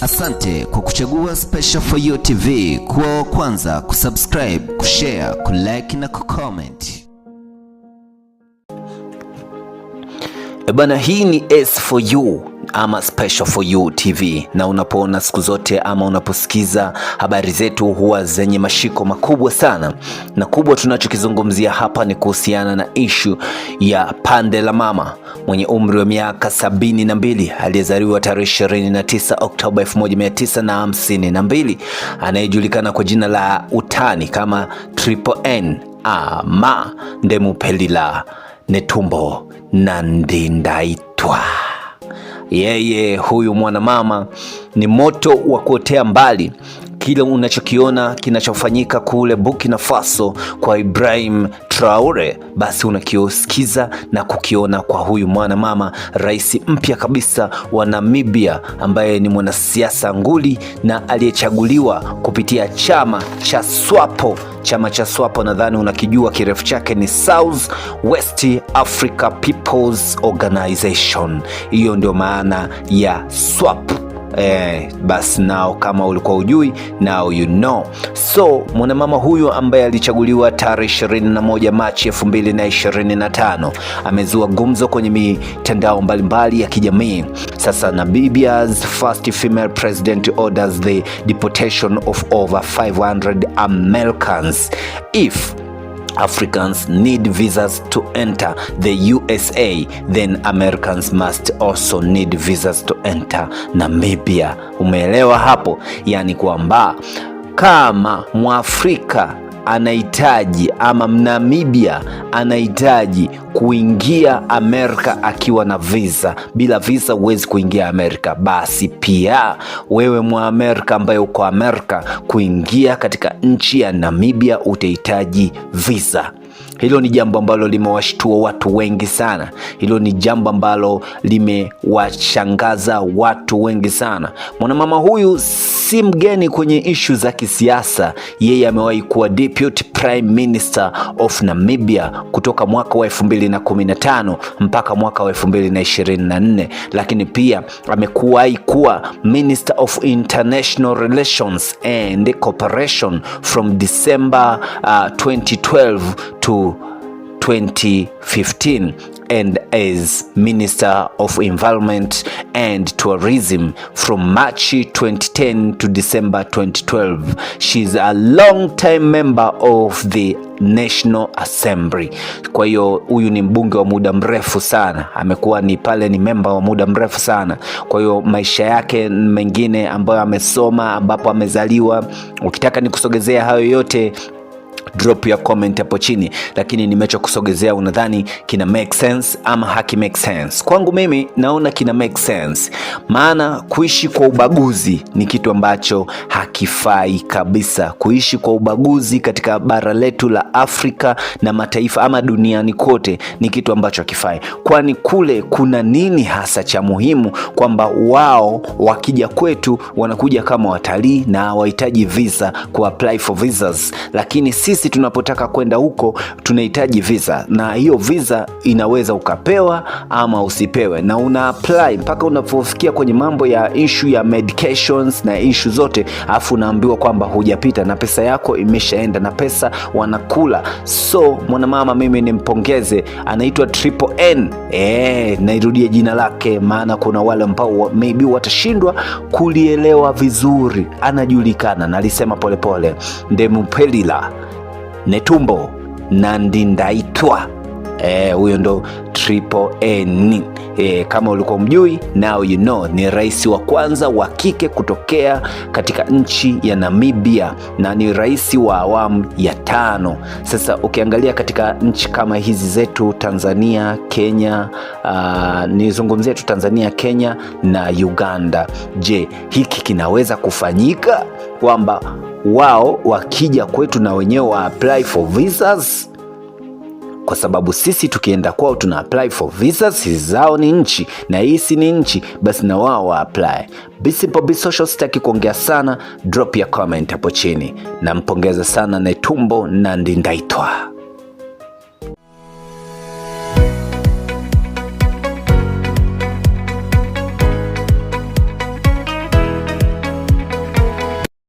Asante kwa kuchagua Special For You TV kuwa wa kwanza kusubscribe, kushare, kulike na kucomment. Ebana, eh, hii ni S For You ama Special for You TV. Na unapoona siku zote ama unaposikiza habari zetu huwa zenye mashiko makubwa sana, na kubwa tunachokizungumzia hapa ni kuhusiana na ishu ya Pande la Mama mwenye umri wa miaka sabini na mbili aliyezaliwa tarehe 29 Oktoba 1952 anayejulikana kwa jina la utani kama Triple N ama Ndemupelila Netumbo na ndindaitwa yeye huyu mwanamama ni moto wa kuotea mbali kile unachokiona kinachofanyika kule Burkina Faso kwa Ibrahim Traore, basi unakiosikiza na kukiona kwa huyu mwana mama rais mpya kabisa wa Namibia, ambaye ni mwanasiasa nguli na aliyechaguliwa kupitia chama cha SWAPO. Chama cha SWAPO nadhani unakijua, kirefu chake ni South West Africa People's Organization. Hiyo ndio maana ya SWAPO eh, basi nao kama ulikuwa ujui now you know. So mwanamama huyu ambaye alichaguliwa tarehe 21 Machi 2025 amezua gumzo kwenye mitandao mbalimbali ya kijamii. Sasa Namibia's first female president orders the deportation of over 500 Americans if Africans need visas to enter the USA, then Americans must also need visas to enter Namibia. Umeelewa hapo? Yaani kwamba kama Mwafrika anahitaji ama Mnamibia anahitaji kuingia Amerika akiwa na visa. Bila visa huwezi kuingia Amerika. Basi pia wewe amerika ambaye uko Amerika, kuingia katika nchi ya Namibia utahitaji visa. Hilo ni jambo ambalo limewashtua watu wengi sana. Hilo ni jambo ambalo limewashangaza watu wengi sana. Mwanamama huyu si mgeni kwenye ishu za kisiasa. Yeye amewahi kuwa Deputy Prime Minister of Namibia kutoka mwaka wa 2015 mpaka mwaka wa 2024, lakini pia amekuwahi kuwa Minister of International Relations and Cooperation from December uh, 2012 to 2015 and as Minister of Environment and Tourism from March 2010 to December 2012. She's a long-time member of the National Assembly. Kwa hiyo huyu ni mbunge wa muda mrefu sana, amekuwa ni pale ni memba wa muda mrefu sana. Kwa hiyo maisha yake mengine ambayo amesoma, ambapo amezaliwa, ukitaka nikusogezea hayo yote drop ya comment hapo chini, lakini nimechokusogezea unadhani kina make sense ama haki make sense? Kwangu mimi naona kina make sense, maana kuishi kwa ubaguzi ni kitu ambacho hakifai kabisa. Kuishi kwa ubaguzi katika bara letu la Afrika na mataifa ama duniani kote ni kitu ambacho hakifai, kwani kule kuna nini hasa cha muhimu kwamba wao wakija kwetu wanakuja kama watalii na wahitaji visa ku apply for visas, lakini sisi sisi tunapotaka kwenda huko tunahitaji visa, na hiyo visa inaweza ukapewa ama usipewe, na una apply mpaka unapofikia kwenye mambo ya issue ya medications na issue zote, afu unaambiwa kwamba hujapita na pesa yako imeshaenda na pesa wanakula. So mwanamama, mimi nimpongeze, anaitwa Triple N. Eh, nairudie jina lake, maana kuna wale ambao maybe watashindwa kulielewa vizuri. Anajulikana, nalisema polepole, Ndemupelila Netumbo na ndindaitwa e, huyo e, ndo triple N e, kama ulikuwa mjui, now you know, ni rais wa kwanza wa kike kutokea katika nchi ya Namibia na ni rais wa awamu ya tano. Sasa ukiangalia katika nchi kama hizi zetu Tanzania, Kenya, nizungumzie tu Tanzania, Kenya na Uganda, je, hiki kinaweza kufanyika? kwamba wao wakija kwetu na wenyewe wa apply for visas, kwa sababu sisi tukienda kwao tuna apply for visas, zao ni nchi na hii si ni nchi, basi na wao wa apply. Bisipo Social, sitaki kuongea sana, drop ya comment hapo chini. Nampongeza sana Netumbo Nandi Ndaitwah.